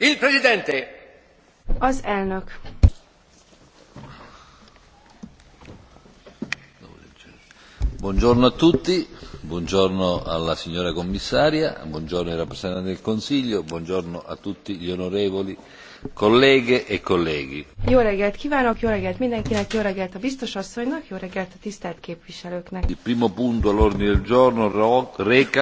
Il Presidente. Az elnök. Buongiorno a tutti, buongiorno alla signora commissaria, buongiorno ai rappresentanti del Consiglio, buongiorno a tutti gli onorevoli kollége e kollégi. Jó reggelt kívánok, jó reggelt mindenkinek, jó reggelt a biztos asszonynak, jó reggelt a tisztelt képviselőknek. Il primo punto all'ordine del giorno reca